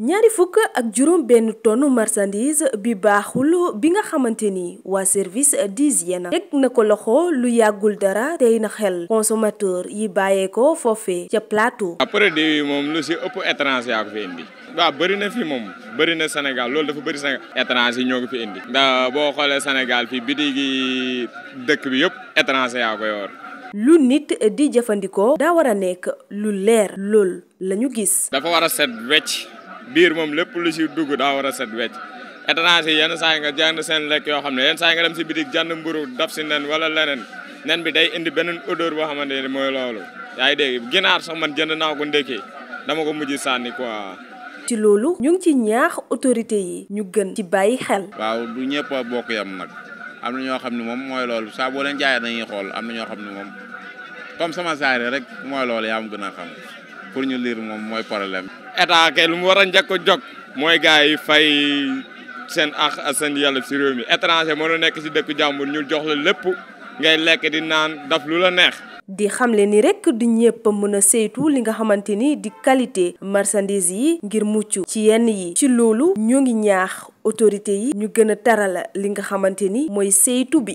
ñaari fukk ak juróom benn tonne marchandise bi baaxul bi nga xamante ni waa service d'hygiène teg na ko loxo lu yàggul dara tey na xel consommateur yi bàyyee ko foofee ca plateau. waaw produit yi moom lu si ëpp étranger yaa ko fi indi. na moom bëri na Sénégal loolu dafa bëri Sénégal étranger ñoo ko fi indi. ndax boo xoolee Sénégal fii bitig dëkk bi yëpp étranger yaa ko yor. lu nit di jëfandikoo. daa war a nekk lu leer. lool lañu gis. dafa war a set wecc. biir moom lépp lu si dugg daa war a set wecc étranger yenn saa nga jànd seen lekk yoo xam ne yenn saa yi nga dem si bitik jënd mburu daf si nen wala leneen nen bi day indi beneen odeur boo xamante ne mooy loolu yaa ngi dégg ginaar sax man jënd naa ko ndékkee dama ko mujj sànni quoi. ci loolu ñu ci ñaax autorité yi ñu gën ci bàyyi xel. waaw du ñëpp a bokk yam nag am na ñoo xam ne moom mooy loolu saa boo leen jaayee dañuy xool am na ñoo xam ni moom comme sama rek mooy loolu yaa am gën a xam pour ñu liir moom mooy problème état kay lu mu war a njëkk a jóg mooy gars yi fay seen àq ak seen yàlla si réew mi étranger mënoo nekk si dëkk jàmbur ñu jox la lépp ngay lekk di naan daf lu la neex. di xamle ni rek di ñëpp mën a saytu li nga xamante ni di qualité marchandise yi ngir mucc ci yenn yi ci loolu ñoo ngi ñaax autorité yi ñu gën a tarala li nga xamante ni mooy saytu bi.